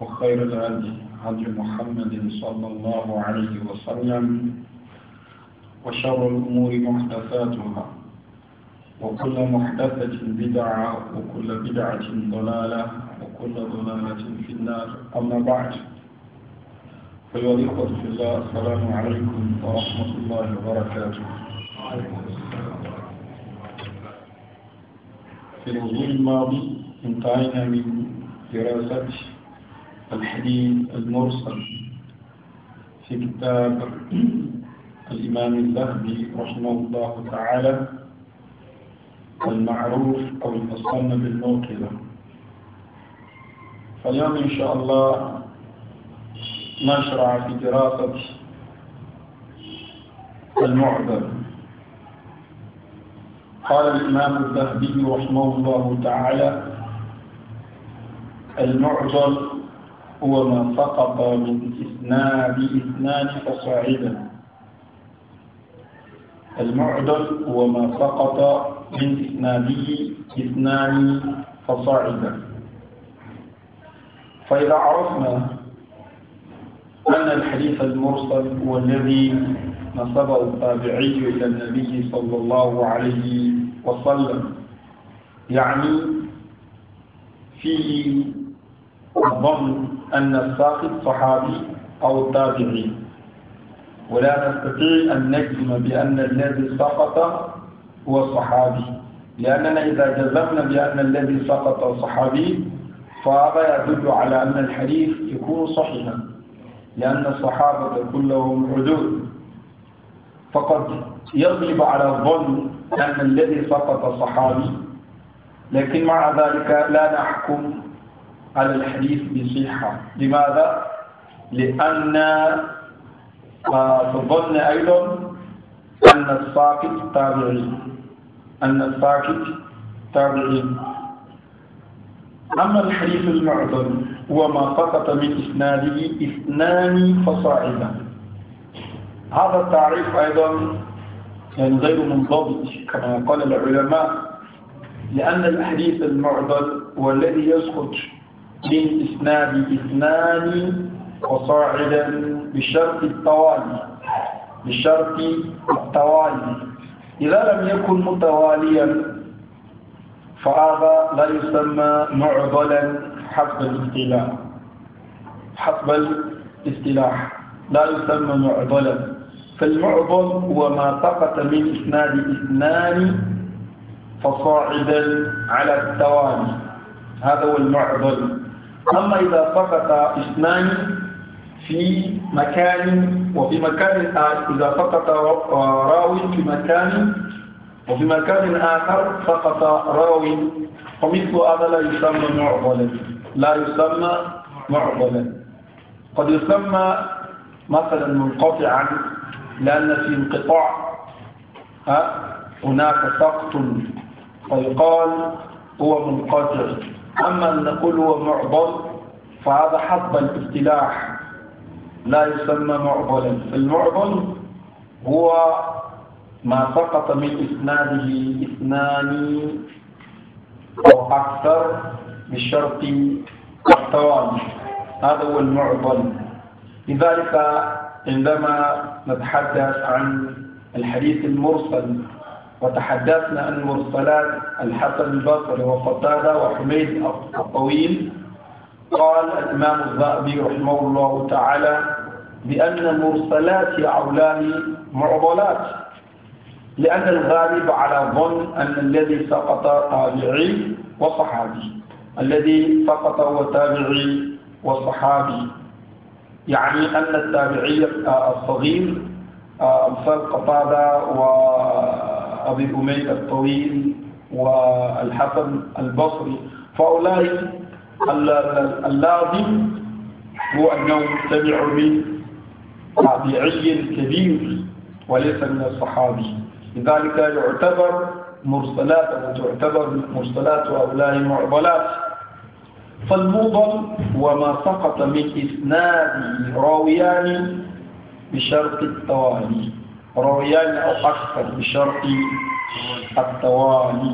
وخير الهدي هدي محمد صلى الله عليه وسلم وشر الأمور محدثاتها وكل محدثة بدعة وكل بدعة ضلالة وكل ضلالة في النار أما بعد فيا الإخوة في الله السلام عليكم ورحمة الله وبركاته في الأسبوع الماضي انتهينا من دراسة الحديث المرسل في كتاب الإمام الذهبي رحمه الله تعالى المعروف أو المصنف بالموقظة فاليوم إن شاء الله نشرع في دراسة المعذب قال الإمام الذهبي رحمه الله تعالى المعجل هو ما سقط من إثنان بإثنان فصاعدا المعدل هو ما سقط من إثنانه إثنان فصاعدا فإذا عرفنا أن الحديث المرسل هو الذي نصبه التابعي إلى النبي صلى الله عليه وسلم يعني فيه الضم أن الساقط صحابي أو تابعي ولا نستطيع أن نجزم بأن الذي سقط هو صحابي لأننا إذا جزمنا بأن الذي سقط صحابي فهذا يدل على أن الحديث يكون صحيحا لأن الصحابة كلهم حدود فقد يغلب على الظن أن الذي سقط صحابي لكن مع ذلك لا نحكم على الحديث بصحة لماذا؟ لأن تظن آه، أيضا أن الساقط تابعي أن الساقط تابعي أما الحديث المعظم هو ما سقط من إسناده اثنان فصاعدا هذا التعريف أيضا يعني غير منضبط كما قال العلماء لأن الحديث المعضل هو الذي يسقط من إسناد اثنان وصاعدا بشرط التوالي بشرط التوالي إذا لم يكن متواليا فهذا لا يسمى معضلا حسب الاصطلاح حسب الاصطلاح لا يسمى معضلا فالمعضل هو ما سقط من إسناد اثنان فصاعدا على التوالي هذا هو المعضل أما إذا سقط اثنان في مكان وفي مكان إذا سقط راو في مكان وفي مكان آخر سقط راو ومثل هذا لا يسمى معضلا لا يسمى معضلا قد يسمى مثلا منقطعا لأن في انقطاع هناك سقط فيقال هو منقطع أما أن نقول هو معضل فهذا حط الافتلاح لا يسمى معضلا فالمعضل هو ما سقط من إسناده إثنان أو أكثر بشرط التوالي هذا هو المعضل لذلك عندما نتحدث عن الحديث المرسل وتحدثنا عن مرسلات الحسن البصري وقتادة وحميد الطويل قال الإمام الذهبي رحمه الله تعالى بأن المرسلات عولان معضلات لأن الغالب على ظن أن الذي سقط تابعي وصحابي الذي سقط هو تابعي وصحابي يعني أن التابعي الصغير آه، أمثال قتادة و أبي أمية الطويل والحسن البصري فأولئك اللازم هو أنهم سمعوا من تابعي كبير وليس من الصحابي لذلك يعتبر مرسلات وتعتبر مرسلات هؤلاء معضلات فالموضل وما سقط من اثنان راويان بشرط التوالي رويان أو بشرط التوالي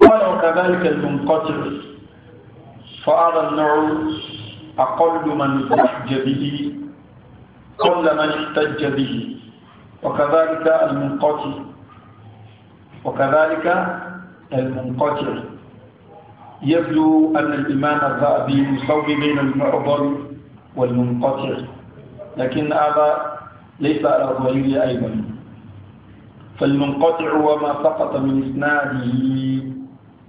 قال وكذلك المنقطع فهذا النوع أقل من احتج به قل من احتج به وكذلك المنقطع وكذلك المنقطع يبدو أن الإمام الذهبي يسوي بين المعضل والمنقطع لكن هذا ليس على ظهيره أيضا فالمنقطع وما سقط من إسناده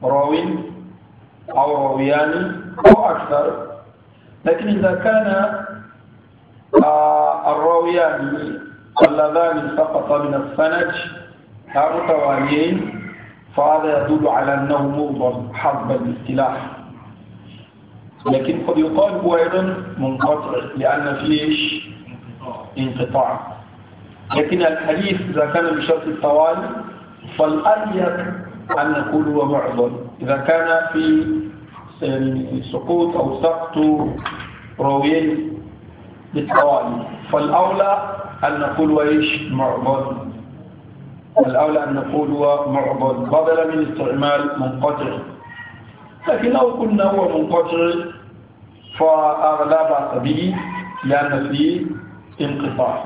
راو أو راويان أو أكثر لكن إذا كان آه، الراويان اللذان سقط من السند متواليين فهذا يدل على أنه موضع حرب الاصطلاح لكن قد يقال هو أيضا منقطع لأن فيه انقطاع لكن الحديث إذا كان بشرط الطوال فالأليق أن نقول هو معضل إذا كان في يعني، سقوط أو سقط روين بالطوال فالأولى أن نقول وإيش معضل الأولى أن نقول هو معضل بدلا من استعمال منقطع لكن لو قلنا هو منقطع فأغلب بأس به لأن فيه انقطاع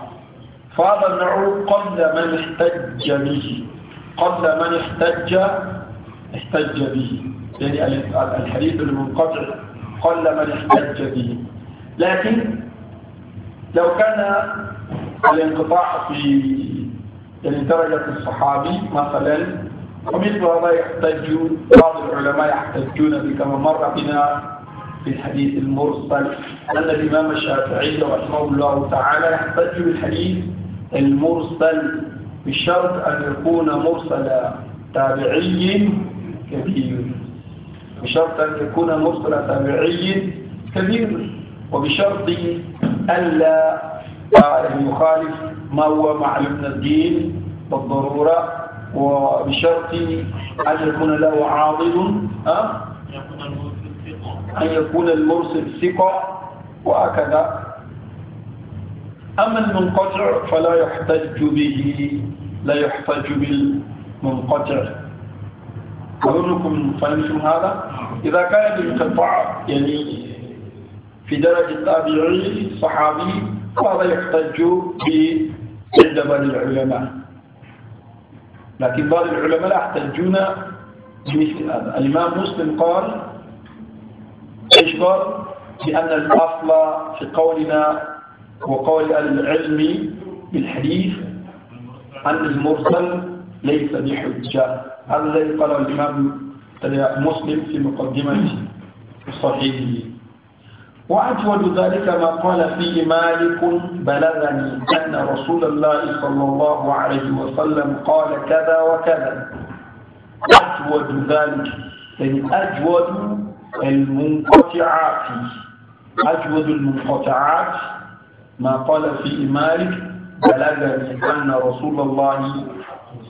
فهذا النوع قبل من احتج به قبل من احتج احتج به يعني الحديث المنقطع قل من احتج به لكن لو كان الانقطاع في يعني درجة الصحابي مثلا ومثل هذا يحتج بعض العلماء يحتجون بكما مر بنا في الحديث المرسل أن الإمام الشافعي رحمه الله تعالى يحتج بالحديث المرسل بشرط أن يكون مرسل تابعي كبير بشرط أن يكون مرسل تابعي كبير وبشرط ألا يخالف ما هو مع من الدين بالضرورة وبشرط أن يكون له عاضد أه؟ أن يكون المرسل ثقة وهكذا أما المنقطع فلا يحتج به لا يحتج بالمنقطع أظنكم فهمتم هذا إذا كان المنقطع يعني في درجة تابعي صحابي فهذا يحتج به عند بعض العلماء لكن بعض العلماء لا يحتجون بمثل هذا الإمام مسلم قال الإشكال بأن الأصل في قولنا وقول العلم بالحديث أن المرسل ليس بحجة هذا الذي قاله الإمام مسلم في مقدمة صحيحه وأجود ذلك ما قال فيه مالك بلغني أن رسول الله صلى الله عليه وسلم قال كذا وكذا أجود ذلك يعني أجود المنقطعات أجود المنقطعات ما قال في مالك بلغني أن رسول الله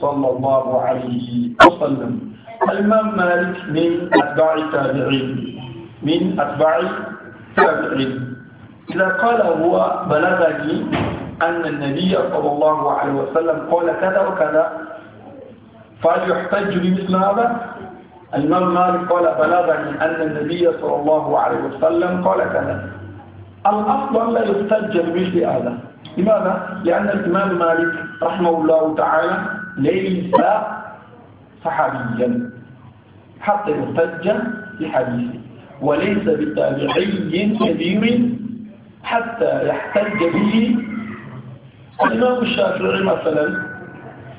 صلى الله عليه وسلم الإمام مالك من أتباع التابعين من أتباع التابعين إذا قال هو بلغني أن النبي صلى الله عليه وسلم قال كذا وكذا فهل يحتج بمثل هذا؟ الإمام مالك قال بلغني أن النبي صلى الله عليه وسلم قال كذا الأفضل لا يحتج بمثل هذا لماذا؟ لأن الإمام مالك رحمه الله تعالى ليس صحابيا حتى يحتج بحديثه وليس بتابعي كبير حتى يحتج به الإمام الشافعي مثلا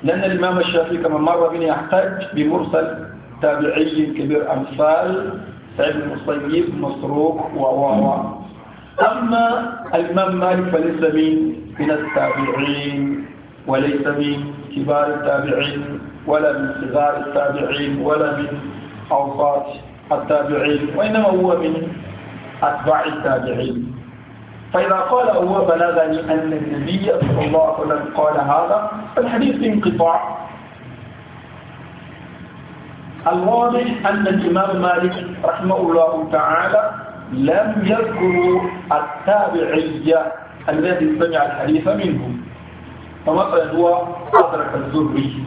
لأن الإمام الشافعي كما مر بنا يحتج بمرسل تابعي كبير أمثال سعيد المسيب مسروق و أما الإمام مالك فليس من من التابعين وليس من كبار التابعين ولا من صغار التابعين ولا من أوساط التابعين وإنما هو من أتباع التابعين فإذا قال هو بلغني أن النبي صلى الله عليه وسلم قال هذا فالحديث انقطاع الواضح أن الإمام مالك رحمه الله تعالى لم يذكر التابعية الذي سمع الحديث منه فمثلا هو أدرك الزهري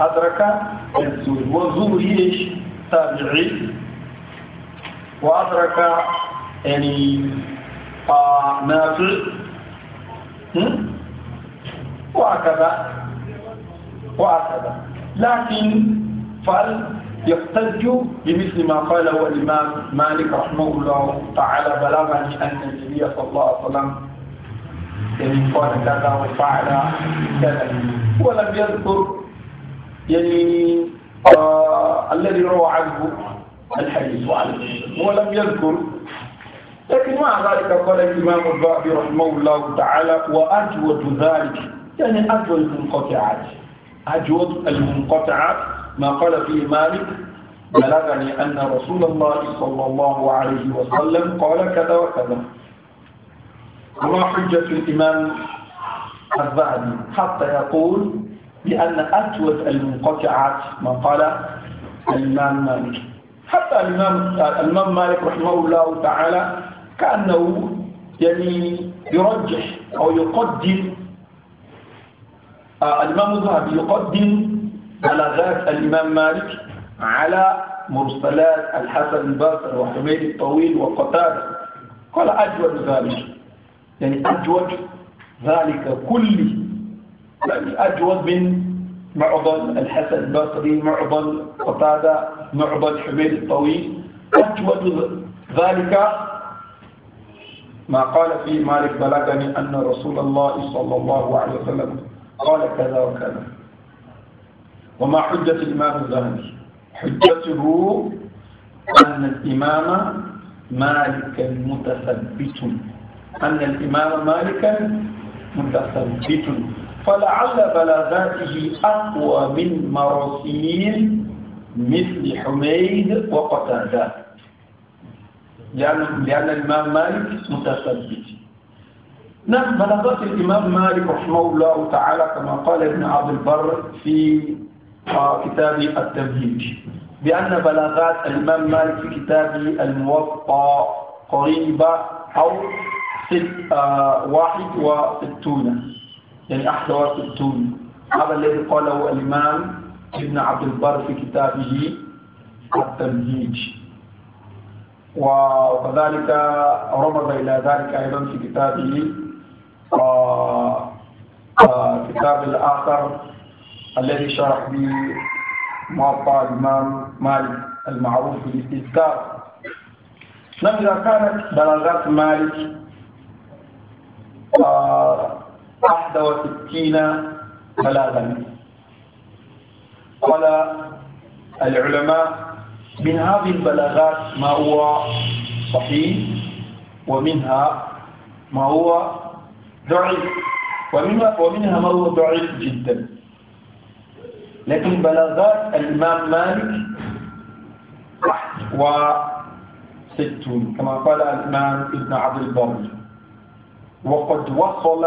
أدرك الزهري والزهري إيش؟ تابعي وأدرك يعني آه، نافع وهكذا وهكذا لكن فال يحتج بمثل ما قاله الإمام مالك رحمه الله تعالى بلغني أن النبي صلى الله عليه وسلم يعني قال كذا وفعل كذا ولم يذكر يعني آه الذي روى عنه الحديث ولم يذكر لكن مع ذلك قال الإمام الذهبي رحمه الله تعالى وأجود ذلك يعني أجود المنقطعات أجود المنقطعات ما قال فيه مالك بلغني أن رسول الله صلى الله عليه وسلم قال كذا وكذا وما حجة الإمام الذهبي حتى يقول بأن أتوت المنقطعات ما قال الإمام مالك حتى الإمام الإمام مالك رحمه الله تعالى كأنه يعني يرجح أو يقدم آه، الإمام الذهبي يقدم بلغات الإمام مالك على مرسلات الحسن البصري وحميد الطويل وقتادة قال أجود ذلك يعني أجود ذلك كله يعني أجود من معضل الحسن البصري معضل قتادة معضل حميد الطويل أجود ذلك ما قال فيه مالك بلغني أن رسول الله صلى الله عليه وسلم قال كذا وكذا وما حجة الإمام الذهبي حجته أن الإمام مالكا متثبت أن الإمام مالكا متثبت فلعل بلاغاته أقوى من مراسيل مثل حميد وقتادة لأن لأن الإمام مالك متثبت نعم بلاغات الإمام مالك رحمه الله تعالى كما قال ابن عبد البر في كتاب التمهيد بأن بلاغات الإمام مالك في كتابه الموطأ قريبة أو ست آه، واحد وستون يعني أحد وستون هذا الذي قاله الإمام ابن عبد البر في كتابه التمهيد وكذلك رمز إلى ذلك أيضا في كتابه آه، آه، كتاب الآخر الذي شرح به موطأ الإمام مالك المعروف بالاستذكار نعم إذا كانت بلاغات مالك آه، أحد وستين بلاغا قال العلماء من هذه البلاغات ما هو صحيح ومنها ما هو ضعيف ومنها ما هو ضعيف جدا لكن بلاغات الإمام مالك 61 كما قال الإمام ابن عبد البر وقد وصل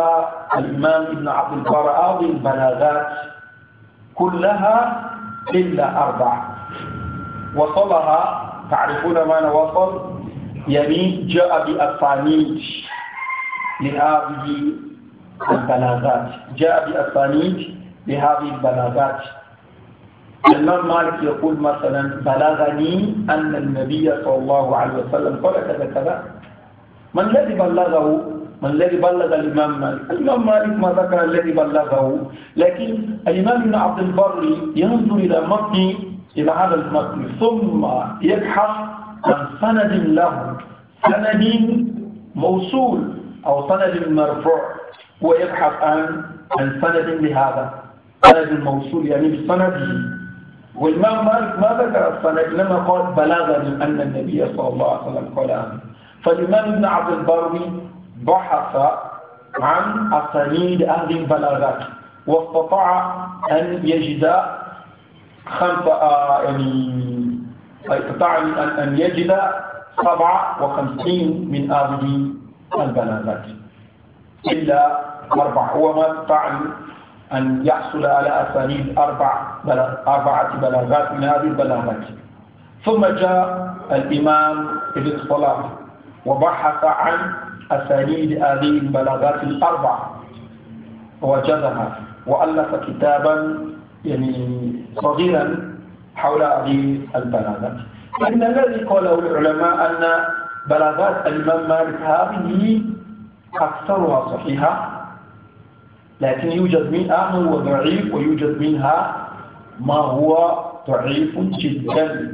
الإمام ابن عبد البر هذه البلاغات كلها إلا أربعة وصلها تعرفون ما وصل يعني جاء بأسانيد لهذه البلاغات جاء بأسانيد لهذه البلاغات الإمام مالك يقول مثلا بلغني أن النبي صلى الله عليه وسلم قال كذا كذا من الذي بلغه من الذي بلغ الإمام مالك الإمام مالك ما ذكر الذي بلغه لكن الإمام ابن عبد البر ينظر إلى متن إلى هذا المتن ثم يبحث عن سند له سند موصول أو سند مرفوع ويبحث عن عن سند لهذا سند موصول يعني بسنده والإمام مالك ما ذكر الصلاة لما قال بلغني أن النبي صلى الله عليه وسلم قال فالإمام ابن عبد البر بحث عن أسانيد أهل البلاغات واستطاع أن يجد خمسة آه، يعني استطاع أن يجد سبعة وخمسين من أهل البلاغات إلا أربعة هو ما استطاع أن يحصل على أسانيد أربع أربعة بلاغات من هذه البلاغات ثم جاء الإمام ابن صلاح وبحث عن أسانيد هذه البلاغات الأربعة وجدها وألف كتابا يعني صغيرا حول هذه البلاغات فإن الذي قاله العلماء أن بلاغات الإمام مالك هذه أكثرها صحيحة لكن يوجد منها هو ضعيف ويوجد منها ما هو ضعيف جدا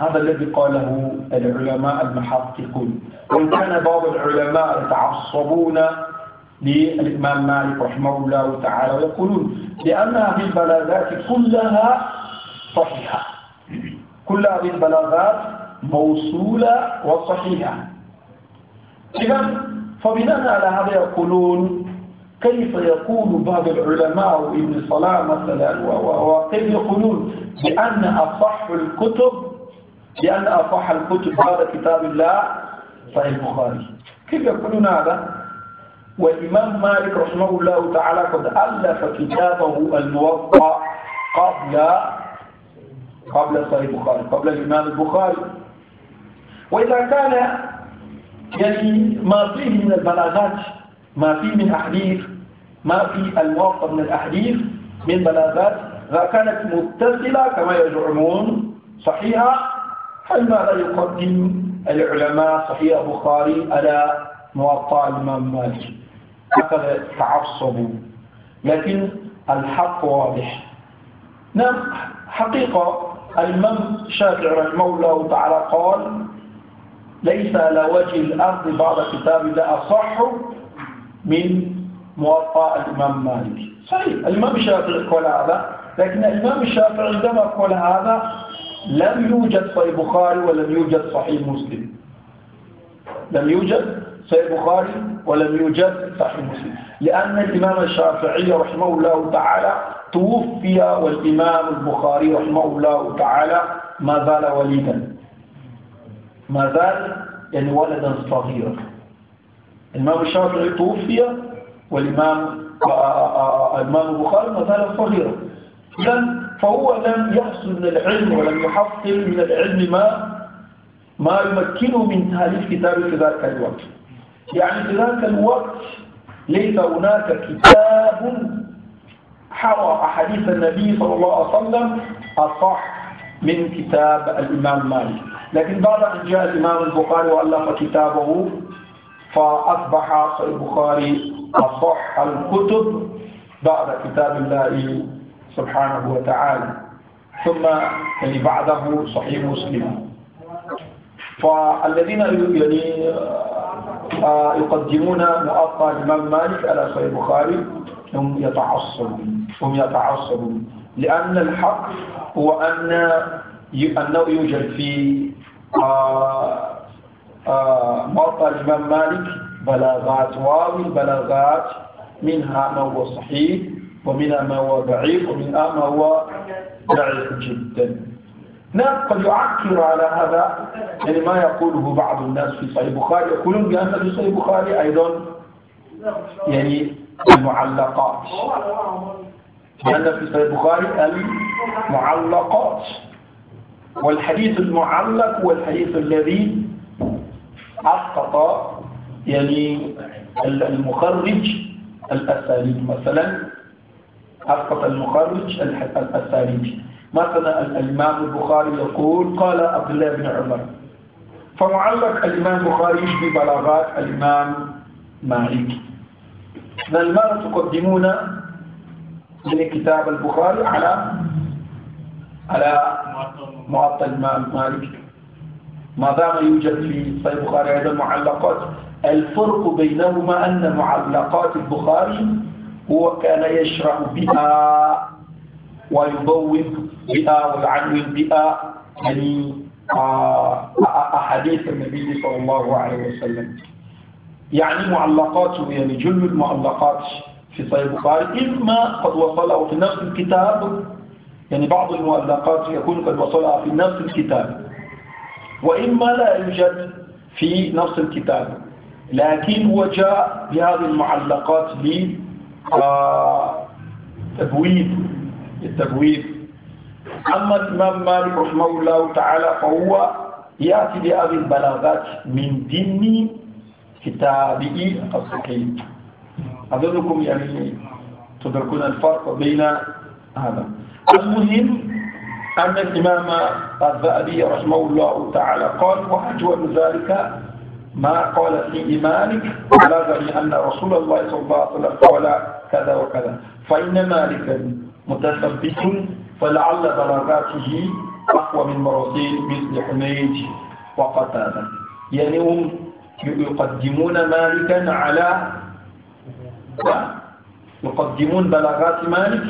هذا الذي قاله العلماء المحققون وإن كان بعض العلماء يتعصبون للإمام مالك رحمه الله تعالى ويقولون لأن هذه البلاغات كلها صحيحة كل هذه البلاغات موصولة وصحيحة إذا فبناء على هذا يقولون كيف يقول بعض العلماء ابن صلاح مثلا وقيل يقولون بأن أصح الكتب بأن أصح الكتب هذا كتاب الله صحيح البخاري كيف يقولون هذا؟ والإمام مالك رحمه الله تعالى قد ألف كتابه الموطأ قبل قبل صحيح البخاري قبل الإمام البخاري وإذا كان يعني ما فيه من البلاغات ما فيه من أحاديث ما في الموقع من الأحاديث من بلاغات إذا كانت متصلة كما يزعمون صحيحة فلماذا يقدم العلماء صحيح البخاري على موطأ الإمام مالك هكذا تعصبوا لكن الحق واضح نعم حقيقة الإمام الشافعي رحمه الله تعالى قال ليس على وجه الأرض بعض كتاب لا أصح من موطا الإمام مالك صحيح الإمام الشافعي قال هذا لكن الإمام الشافعي عندما قال هذا لم يوجد صحيح بخاري ولم يوجد صحيح مسلم لم يوجد صحيح بخاري ولم يوجد صحيح مسلم لأن الإمام الشافعي رحمه الله تعالى توفي والإمام البخاري رحمه الله تعالى ما زال وليدا ما زال يعني ولدا صغيرا الإمام الشافعي توفي والإمام آه، آه، الإمام البخاري مسألة صغيرة إذا فهو لم يحصل من العلم ولم يحصل من العلم ما ما يمكنه من تأليف كتاب في ذلك الوقت يعني في ذلك الوقت ليس هناك كتاب حوى أحاديث النبي صلى الله عليه وسلم أصح من كتاب الإمام مالك لكن بعد أن جاء الإمام البخاري وألف كتابه فأصبح البخاري أصح الكتب بعد كتاب الله سبحانه وتعالى ثم يعني بعده صحيح مسلم فالذين يعني آه، آه، يقدمون مؤقتا الإمام مالك على صحيح البخاري هم يتعصبون هم يتعصبون لأن الحق هو أن أنه يوجد في آه، مؤقى الإمام مالك بلاغات البلاغات منها ما هو صحيح ومنها ما هو ضعيف ومنها ما هو ضعيف جدا نعم قد يعكر على هذا يعني ما يقوله بعض الناس في صحيح البخاري يقولون بأن في صحيح البخاري أيضا يعني المعلقات لأن في صحيح البخاري المعلقات والحديث المعلق هو الحديث الذي أسقط يعني المخرج الأساليب مثلا أسقط المخرج الأساليب مثلا الإمام البخاري يقول قال عبد الله بن عمر فمعلق الإمام البخاري ببلاغات الإمام مالك لماذا تقدمون من كتاب البخاري على على معطل الإمام مالك ما دام يوجد في صحيح البخاري أيضا معلقات الفرق بينهما أن معلقات البخاري هو كان يشرح بها ويبوب بها ويعنون بها يعني آه، آه، آه، أحاديث النبي صلى الله عليه وسلم يعني معلقاته يعني جل المعلقات في صحيح البخاري إما قد وصله في نفس الكتاب يعني بعض المعلقات يكون قد وصلها في نفس الكتاب وإما لا يوجد في نفس الكتاب لكن هو جاء بهذه المعلقات آه، لتبويب التبويب أما الإمام مالك رحمه الله تعالى فهو يأتي بهذه البلاغات من ضمن كتابه الصحيح أظنكم يعني تدركون الفرق بين هذا المهم أن الإمام الذهبي رحمه الله تعالى قال وأجود ذلك ما قال في إيمانك على ذلك أن رسول الله صلى الله عليه وسلم قال كذا وكذا فإن مالك متثبت فلعل بلاغاته أقوى من مراسيل مثل حميد وقتادة يعني هم يقدمون مالكا على يقدمون بلاغات مالك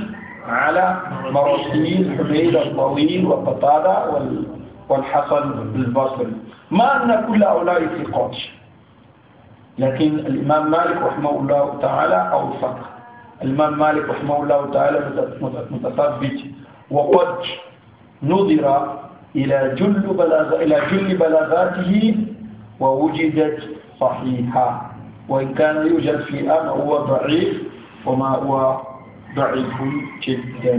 على مراسيل حميد الطويل وقطادة وال والحسن البصري ما أن كل هؤلاء ثقات لكن الإمام مالك رحمه الله تعالى أوثق الإمام مالك رحمه الله تعالى متثبت وقد نظر إلى جل إلى جل بلاغاته ووجدت صحيحة وإن كان يوجد في ما هو ضعيف وما هو ضعيف جدا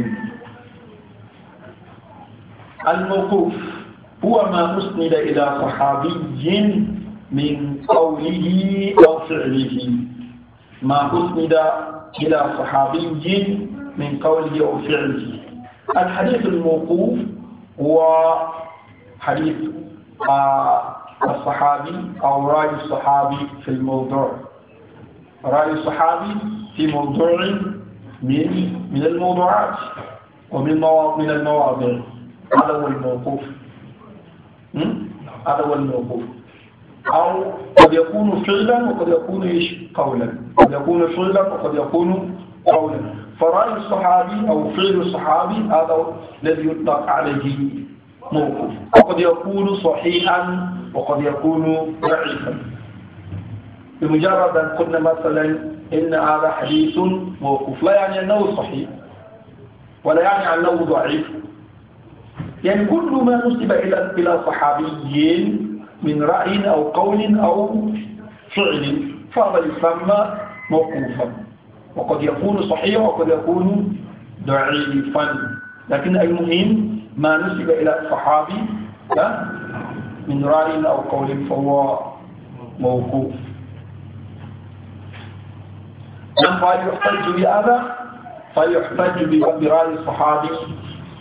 الموقوف هو ما أسند إلى صحابي من قوله أو فعله ما أسند إلى صحابي من قوله أو فعله الحديث الموقوف هو حديث آه، الصحابي أو رأي الصحابي في الموضوع رأي الصحابي في موضوع من من الموضوعات ومن مواضع من المواضع هذا هو الموقوف هذا هو الموقوف أو قد يكون فعلا وقد يكون إيش قولا قد يكون فعلا وقد يكون قولا فرأي الصحابي أو فعل الصحابي هذا الذي يطلق عليه موقف وقد يكون صحيحا وقد يكون ضعيفا بمجرد أن قلنا مثلا إن هذا حديث موقف لا يعني أنه صحيح ولا يعني أنه ضعيف يعني كل ما نسب إلى إلى صحابي من رأي أو قول أو فعل فهذا يسمى موقوفا وقد يكون صحيحا وقد يكون ضعيفا لكن المهم ما نسب إلى الصحابي من رأي أو قول فهو موقوف نعم فيحتج بهذا فيحتج برأي الصحابي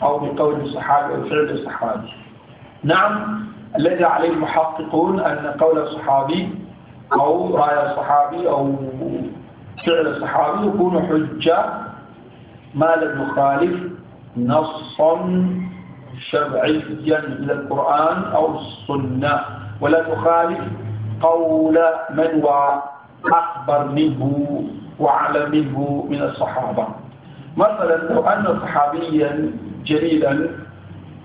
أو بقول الصحابي أو فعل الصحابي نعم الذي عليه المحققون أن قول الصحابي أو رأي الصحابي أو فعل الصحابي يكون حجة ما لم يخالف نصا شرعيا من القرآن أو السنة ولا تخالف قول من هو أكبر منه وعلى منه من الصحابة مثلا لو أن صحابيا جليلا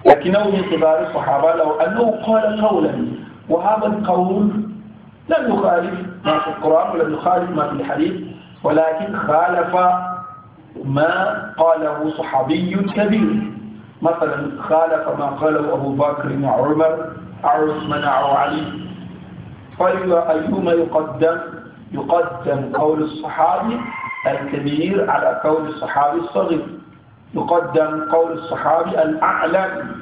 لكنه من كبار الصحابة لو أنه قال قولا وهذا القول لم يخالف ما في القرآن ولم يخالف ما في الحديث ولكن خالف ما قاله صحابي كبير مثلا خالف ما قاله أبو بكر وعمر عثمان علي فأيهما يقدم يقدم قول الصحابي الكبير على قول الصحابي الصغير يقدم قول الصحابي الأعلم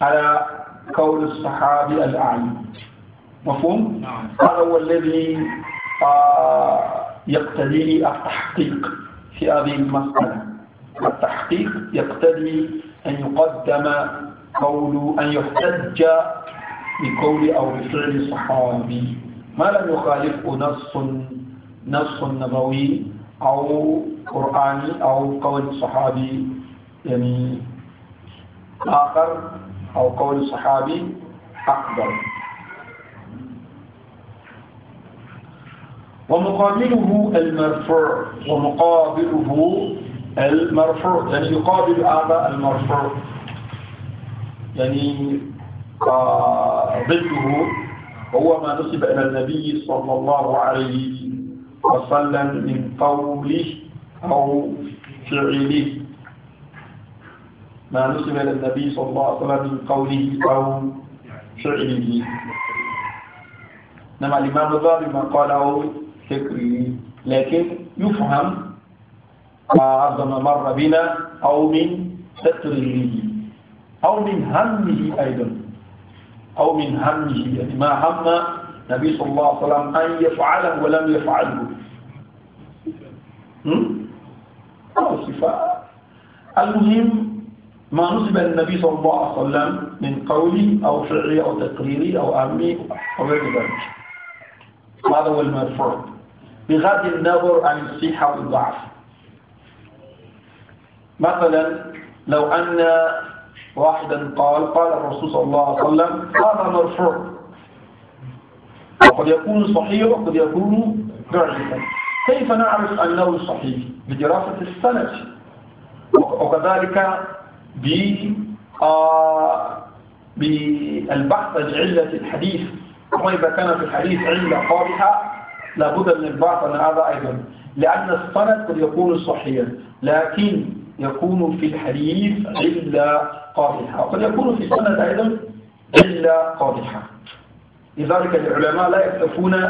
على قول الصحابي الأعلم مفهوم؟ نعم. هذا هو الذي آه، يقتضي التحقيق في هذه المسألة التحقيق يقتضي أن يقدم قول أن يحتج بقول أو بفعل صحابي ما لم يخالفه نص نص نبوي أو قرآني أو قول صحابي يعني آخر أو قول صحابي أقدر ومقابله المرفوع ومقابله المرفوع يعني يقابل هذا المرفوع يعني ضده هو ما نسب إلى النبي صلى الله عليه وسلم من قوله أو فعله ما نسب للنبي صلى الله عليه وسلم من قوله أو فعله إنما الإمام الذهبي ما قال أو فكره لكن يفهم ما عظم مر بنا أو من ستره أو من همه أيضا أو من همه يعني ما هم النبي صلى الله عليه وسلم أن يفعله ولم يفعله أو صفاء المهم ما نصب النبي صلى الله عليه وسلم من قولي أو شعري أو تقريري أو أمي أو غير ذلك هذا هو المرفوع بغض النظر عن الصحة والضعف مثلا لو أن واحدا قال قال الرسول صلى الله عليه وسلم هذا مرفوع وقد يكون صحيح وقد يكون معجزا كيف نعرف أنه صحيح بدراسة السند وكذلك ب آه، بالبحث عن علة الحديث كما إذا كان في الحديث علة قادحة لابد من البحث عن هذا أيضا لأن السند قد يكون صحيا لكن يكون في الحديث علة قادحة وقد يكون في السند أيضا علة قادحة لذلك العلماء لا يكتفون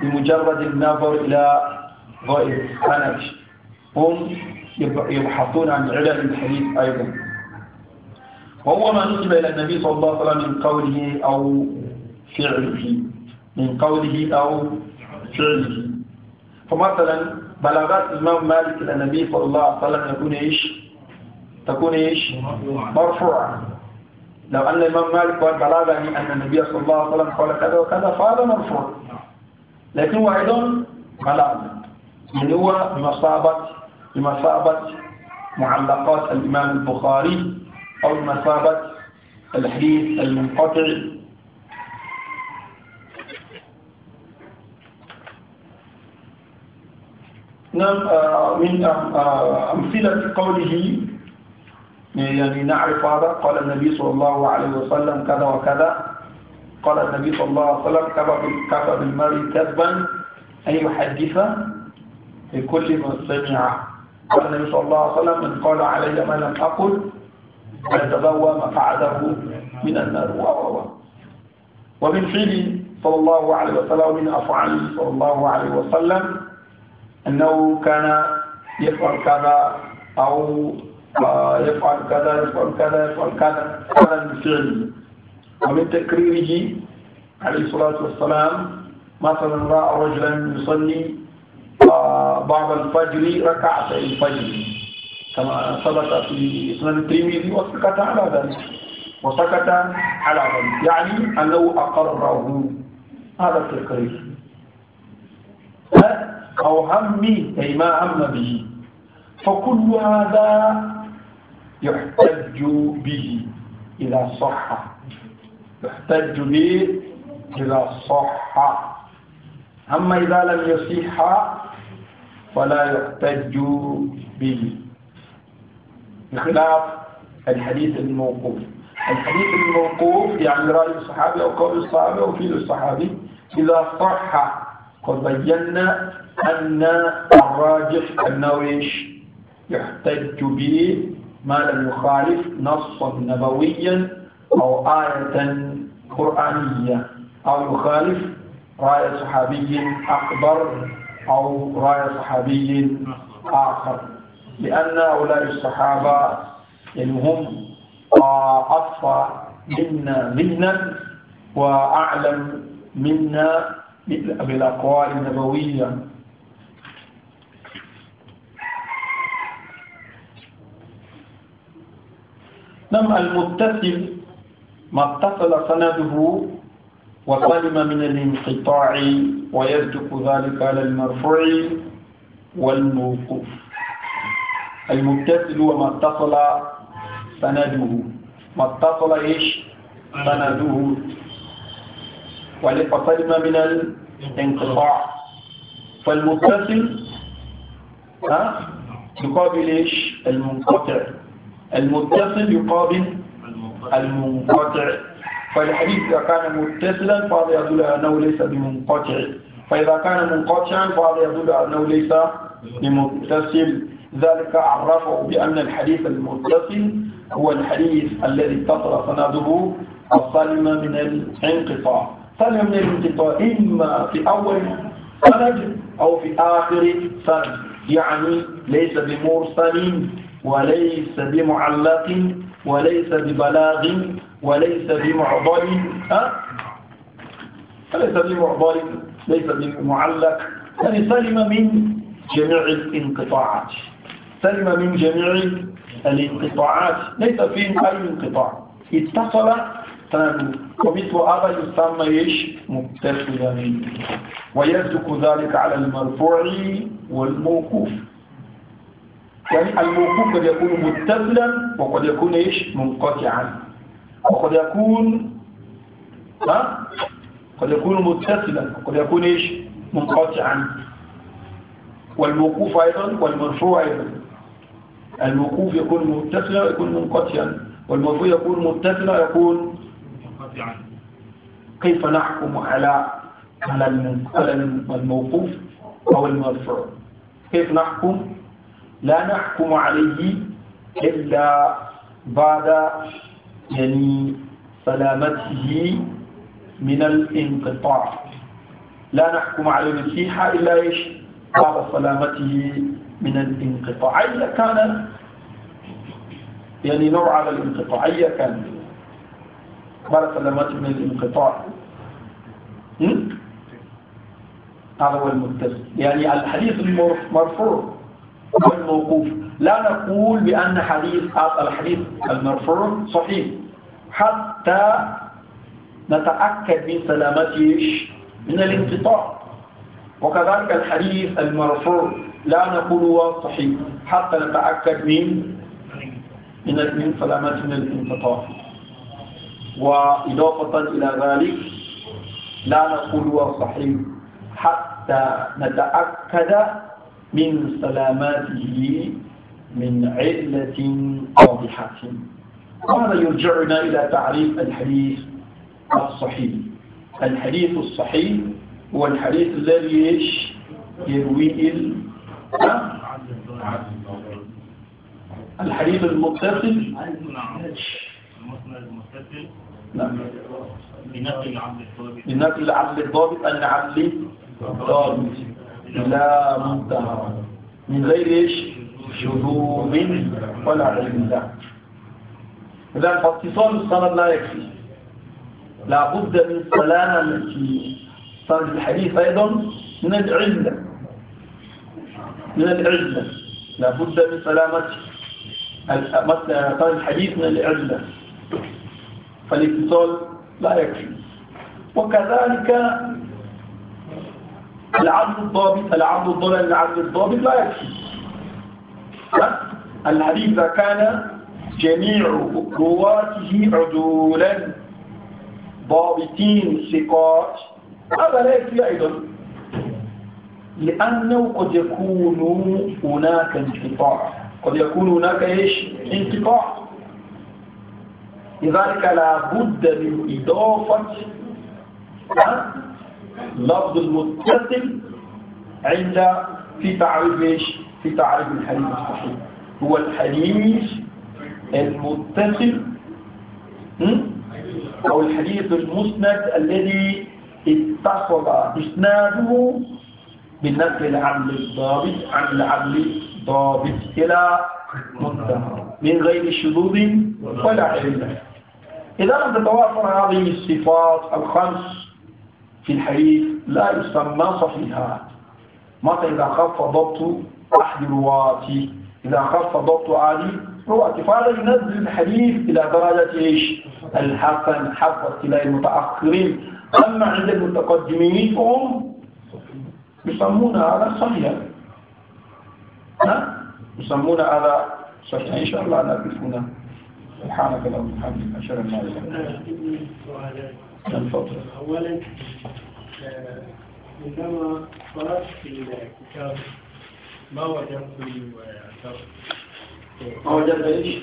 بمجرد النظر إلى ضائف حنفي هم يبحثون عن علل الحديث أيضا وهو ما نسب إلى النبي صلى الله عليه وسلم من قوله أو فعله من قوله أو فعله فمثلا بلاغات الإمام مالك إلى النبي صلى الله عليه وسلم يكون إيش تكون إيش مرفوعة لو أن الإمام مالك قال بلغني أن النبي صلى الله عليه وسلم قال كذا وكذا فهذا مرفوع لكن هو أيضا بلاغ من هو بمثابة بمثابة معلقات الإمام البخاري أو بمثابة الحديث المنقطع نعم آه، من آه، آه، أمثلة قوله يعني نعرف هذا قال النبي صلى الله عليه وسلم كذا وكذا قال النبي صلى الله عليه وسلم كفى بالمرء كذبا أن يحدث لكل من سمع قال النبي صلى الله عليه وسلم من قال علي ما لم أقل فليتبوى مقعده من النار و ومن فعله صلى الله عليه وسلم ومن أفعاله صلى الله عليه وسلم أنه كان يفعل كذا أو آه، يفعل كذا يفعل كذا يفعل كذا هذا من فعله ومن تكريره عليه الصلاة والسلام مثلا رأى رجلا يصلي بعد الفجر ركعت الفجر كما سبق في اسم الترمذي وسكت على ذلك وسكت على ذلك يعني انه اقره هذا التقرير او همي اي ما هم به فكل هذا يحتج به الى صحه يحتج به الى صحه اما اذا لم يصح ولا يحتج به بخلاف الحديث الموقوف الحديث الموقوف يعني رأي الصحابي أو قول الصحابي أو فيل الصحابي إذا صح قد بينا أن الراجح أنه إيش يحتج به ما لم يخالف نصا نبويا أو آية قرآنية أو يخالف رأي صحابي أكبر أو رأي صحابي آخر لأن هؤلاء الصحابة يعني هم أطفى آه، منا ذهنا وأعلم منا بالأقوال النبوية لم نعم، المتصل ما اتصل سنده وسلم من الانقطاع ويصدق ذلك على المرفوع والموقوف المتصل وما اتصل سنده ما اتصل ايش سنده وسلم من الانقطاع فالمتصل ها يقابل ايش المنقطع المتصل يقابل المنقطع فالحديث إذا كان متصلا فهذا يدل على أنه ليس بمنقطع فإذا كان منقطعا فهذا يدل على أنه ليس بمتصل ذلك عرفه بأن الحديث المتصل هو الحديث الذي اتصل سنده وسلم من الانقطاع سلم من الانقطاع إما في أول سند أو في آخر سند يعني ليس بمرسل وليس بمعلق وليس ببلاغ وليس بمعضل ها فليس بمعضل ليس بمعلق يعني سلم من جميع الانقطاعات سلم من جميع الانقطاعات ليس فيه أي انقطاع اتصل تنادوا ومثل هذا يسمى ايش متصلا ويصدق ذلك على المرفوع والموقوف يعني الموقوف قد يكون متصلا وقد يكون ايش منقطعا وقد يكون ها قد يكون متصلا وقد يكون ايش منقطعا والوقوف ايضا والمرفوع ايضا الوقوف يكون متصلا ويكون منقطعا والمرفوع يكون متصلا ويكون منقطعا كيف نحكم على على الموقوف او المرفوع كيف نحكم لا نحكم عليه الا بعد يعني سلامته من الانقطاع لا نحكم على المسيح إلا إيش بعد سلامته من الانقطاع أي كان يعني نوع على الانقطاع أي كان بعد سلامته من الانقطاع هذا هو المتصل يعني الحديث المرفوع والموقوف لا نقول بأن حديث آه، الحديث المرفوع صحيح حتى نتأكد من سلامته من الانقطاع وكذلك الحديث المرفوع لا نقول هو صحيح حتى نتأكد من من من سلامته من الانقطاع وإضافة إلى ذلك لا نقول هو صحيح حتى نتأكد من سلاماته من علة واضحة وهذا يرجعنا إلى تعريف الحديث الصحيح الحديث الصحيح هو الحديث الذي ايش يرويه الحديث المتصل نعم. بنقل العبد الضابط عن عبد الضابط لا منتهى من غير إيش شذوذ ولا علم له إذا فاتصال الصلاه لا يكفي لابد من سلامة صار الحديث أيضا من العلة من العلة لابد من سلامة مثل الحديث من العلة فالاتصال لا يكفي وكذلك العبد الضابط العبد الضلل العبد الضابط لا يكفي الحديث كان جميع رواته عدولا ضابطين ثقات هذا لا يكفي أيضا لأنه قد يكون هناك انقطاع قد يكون هناك إيش انقطاع لذلك لا بد من إضافة لفظ المتصل عند في تعريف ايش؟ في تعريف الحديث الصحيح هو الحديث المتصل أو الحديث المسند الذي اتصل إسناده بالنقل العدل الضابط عن العدل الضابط إلى منتهى من غير شذوذ ولا علة إذا لم تتوافر هذه الصفات الخمس في الحديث لا يسمى صحيحا متى إذا خف ضبط أحد رواتي إذا خف ضبط عالي رواتي فهذا ينزل الحديث إلى درجة إيش الحسن حتى إلى المتأخرين أما عند المتقدمين فهم يسمون هذا ها؟ يسمون هذا صحيح إن شاء الله نقف هنا سبحانك اللهم وبحمدك أشهد أن لا إله إلا أنت نعم، تفضل أولا عندما آه، قرأت في الكتاب ما وجدت ما وجدت ايش؟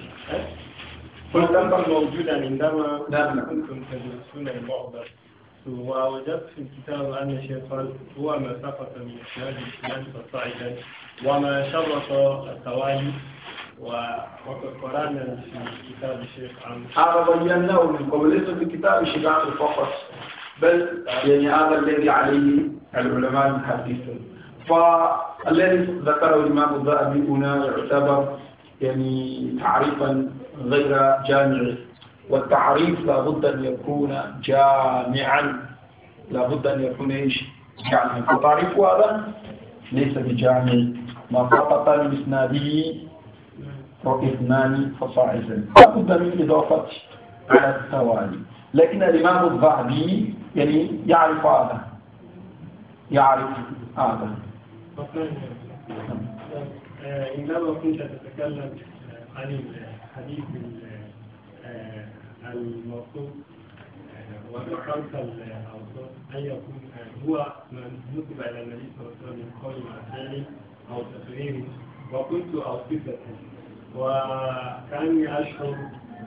والنمبر موجودا عندما نعم. كنتم تدرسون المعضل ووجدت في الكتاب أن الشيطان هو ما سقط من إسناد الإسلام فصاعدا وما شرط التوالي وقد قرانا في كتاب الشيخ عن هذا بيناه من قبل ليس في كتاب الشيخ عن فقط بل يعني هذا الذي عليه العلماء المحدثون فالذي ذكره الإمام الذهبي هنا يعتبر يعني تعريفا غير جامع والتعريف لابد أن يكون جامعا لابد أن يكون إيش جامعا التعريف هذا ليس بجامع ما سقط من وإثنان فصاعدا لابد من إضافة على التوالي لكن الإمام الذهبي يعني يعرف هذا يعرف هذا عندما كنت تتكلم عن الحديث آه، الموصول آه، وذكرت الأوصاف أن يكون آه، هو من نسب إلى النبي صلى الله عليه وسلم من قول مع أو تقرير وكنت أوصفة وكأني أشعر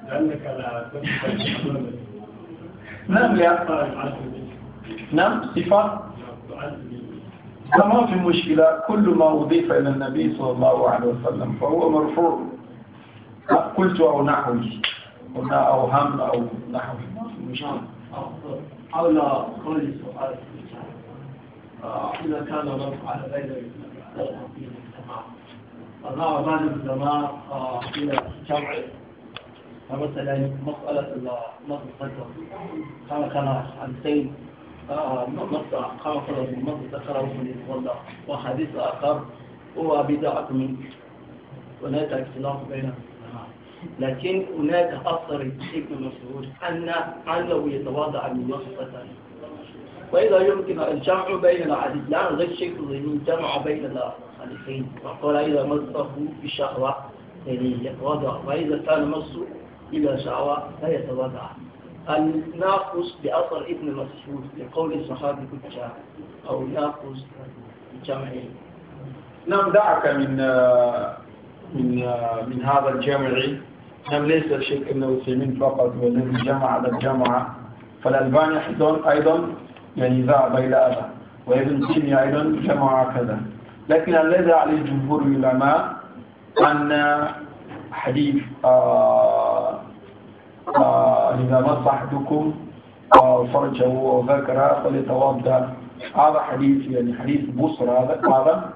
لأنك لا تنسى نعم يا نعم صفة فما في مشكلة كل ما أضيف إلى النبي صلى الله عليه وسلم فهو مرفوع أه، قلت أو نحو قلنا أو هم أو نحوه نعم حول قول سؤال أه، إذا كان مرفوع على غير أضاع بعض العلماء إلى جمع فمثلا مسألة مصدر قال كان حديثين مصدر قال ذكره من الوضع وحديث آخر هو بدعة من هناك اختلاف بين لكن هناك أثر ابن مسعود أن أنه يتواضع من مصدر وإذا يمكن الجمع بين العديد لا غير شيء جمع بين الأخر الحين وقال إذا مسه بشهوة يعني يتوضع وإذا كان مسه إلى شهوة لا يتوضع الناقص بأثر ابن مسعود لقول الصحابي كتشا أو ناقص بجمع نعم دعك من من من هذا الجمع نعم ليس الشيخ أنه سيمين فقط ولم جمع على الجمعة فالألباني أيضا يعني ذهب إلى هذا وابن تيمية أيضا جمع كذا لكن الذي عليه جمهور العلماء أن حديث آه آه إذا مس آه فرجه وذكره فليتوضأ هذا حديث يعني حديث بصر هذا هذا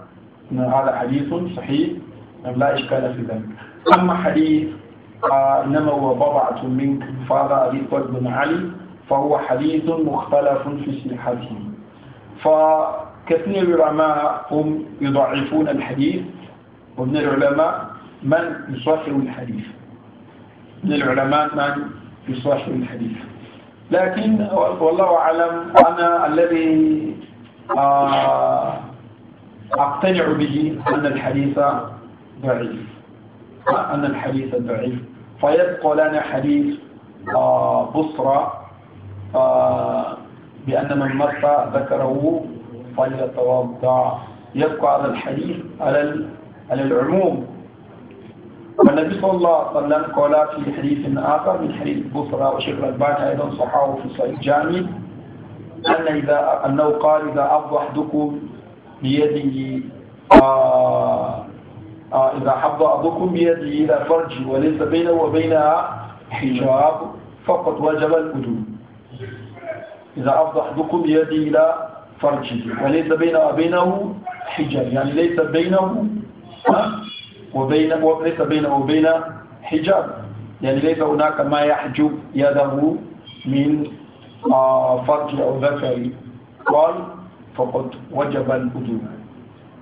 هذا حديث صحيح يعني لا إشكال في ذلك أما حديث آه، إنما هو بضعة منك فهذا أبي بن علي فهو حديث مختلف في صحته كثير من العلماء هم يضعفون الحديث ومن العلماء من يصحح الحديث من العلماء من يصحح الحديث لكن والله أعلم أنا الذي آه، أقتنع به أن الحديث ضعيف أن الحديث ضعيف فيبقى لنا حديث آه، بصرى آه، بأن من مات ذكره فليتوضع يبقى هذا الحديث على على العموم والنبي صلى الله عليه وسلم قال في حديث آخر من حديث بصرة وشيخ الألباني أيضا صححه في صحيح الجامع أن إذا أنه قال إذا عض أحدكم بيده آه، آه، إذا حض أحدكم بيده إلى فرجه وليس بينه وبينها حجاب فقط وجب الوجوب إذا عض أحدكم بيده إلى فرجه وليس بينه وبينه حجاب يعني ليس بينه وبين وليس بينه وبين حجاب يعني ليس هناك ما يحجب يده من آه، فرج أو ذكر قال فقد وجب الوجوب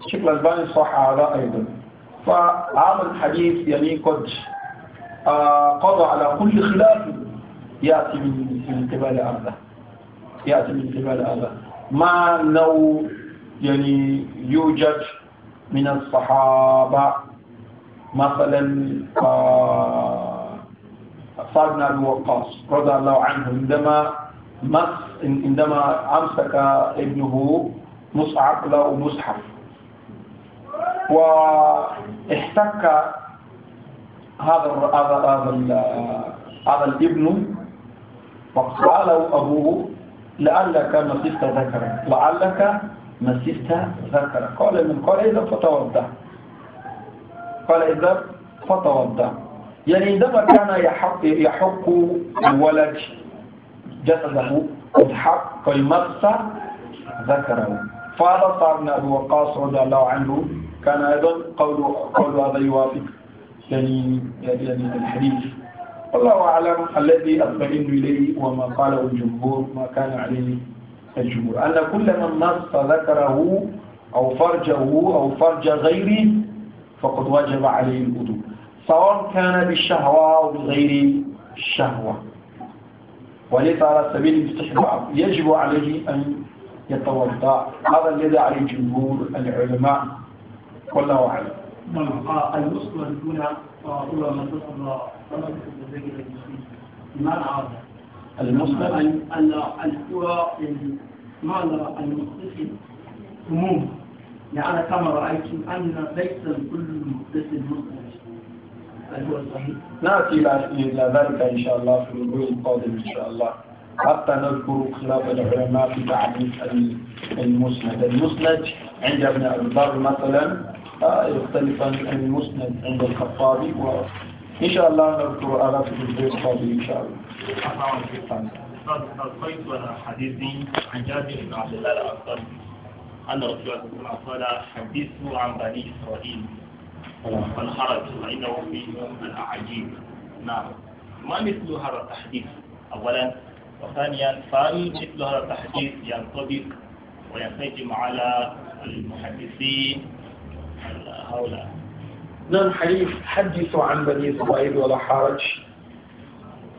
شكل الباني صح هذا أيضا فهذا الحديث يعني قد آه، قضى على كل خلاف يأتي من قبل هذا يأتي من قبل هذا ما لو يعني يوجد من الصحابة مثلا آه، سعد بن أبي وقاص رضي الله عنه عندما مس عندما أمسك ابنه مصعب له مصحف واحتك هذا هذا هذا الابن وقال له أبوه لعلك مسيفت ذكرك لعلك مسيفت ذكرك قال من قال إذا فتوضع قال إذا فتوضع يعني عندما كان يحق, يحق الولد جسده الحق فيمس ذكره فهذا صار ابن أبي وقاص رضي الله عنه كان أيضا قول هذا يوافق يعني يعني الحديث والله أعلم الذي أطمئن إليه وما قاله الجمهور ما كان عليه الجمهور أن كل من نص ذكره أو فرجه أو فرج غيره فقد وجب عليه الوضوء سواء كان بالشهوة أو بغير الشهوة وليس على سبيل الاستحباب يجب عليه أن يتوضأ هذا الذي عليه جمهور العلماء والله أعلم المسلم دون هو من تصل طلب الزواج المسلم بمعنى هذا المسلم أن الكرة معنى المختص عموم لأن كما رأيت أن ليس كل مختص مسلم نأتي إلى ذلك إن شاء الله في الأسبوع القادم إن شاء الله حتى نذكر خلاف العلماء في تعريف المسند المسند عند ابن البر مثلا آه، يختلف عن المسند عند الخطابي وإن شاء الله نذكر الاف في الخطابي إن شاء الله. قرأت حديثي عن جابر بن عبد الله الأنصاري أن رسول الله صلى الله عليه وسلم قال حدثوا عن بني إسرائيل فانخرج فإنه فيهم الأعاجيب نعم ما مثل هذا التحديث أولا وثانيا فهل مثل هذا التحديث ينطبق وينسجم على المحدثين هؤلاء نعم حديث حدث عن بني إسرائيل ولا حرج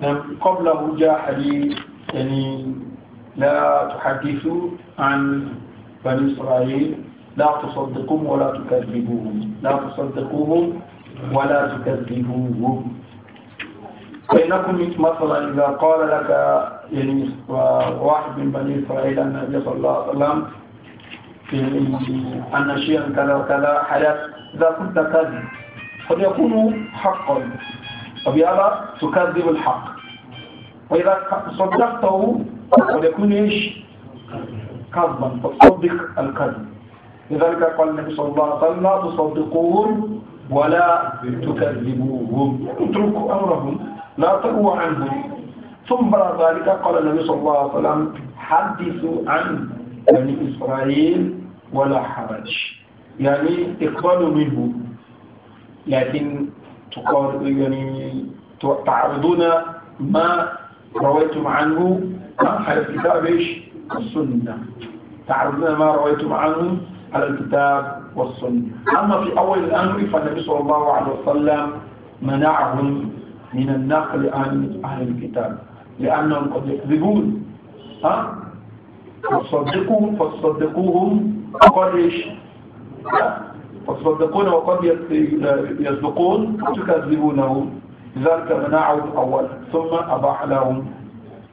نعم قبله جاء حديث يعني لا تحدثوا عن بني إسرائيل لا تصدقوهم ولا تكذبوهم لا تصدقوهم ولا تكذبوهم بينكم مثلا إذا قال لك يعني واحد من بني إسرائيل أن النبي صلى الله عليه وسلم في أن شيئا كذا وكذا حياة إذا كنت كاذب قد يكون حقا وبهذا تكذب الحق وإذا صدقته قد يكون إيش كذبا فتصدق الكذب لذلك قال النبي صلى الله عليه وسلم لا تصدقوهم ولا تكذبوهم اتركوا أمرهم لا تروا عنهم ثم بعد ذلك قال النبي صلى الله عليه وسلم حدثوا عن بني إسرائيل ولا حرج يعني اقبلوا منه لكن تقال يعني تعرضون ما رويتم عنه على الكتاب ايش؟ والسنة تعرضون ما رويتم عنه على الكتاب والسنة أما في أول الأمر فالنبي صلى الله عليه وسلم منعهم من النقل عن أهل الكتاب لأنهم قد يكذبون ها؟ فصدقوا فصدقوهم وقد إيش وتصدقون وقد يصدقون وتكذبونه لذلك منعه الأول ثم أباح لهم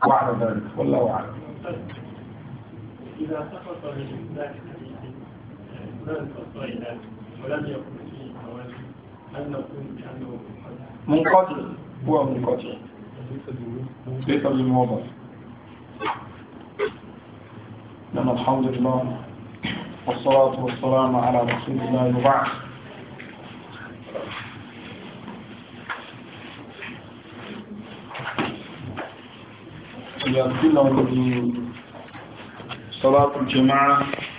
وعلى ذلك والله أعلم إذا سقط من ذلك من الصيدان ولم يكن فيه حوالي هل نقول بأنه منقطع هو منقطع ليس بالموضع لما الحمد لله والصلاة والسلام على رسول الله وبعد يأتينا صلاة الجماعة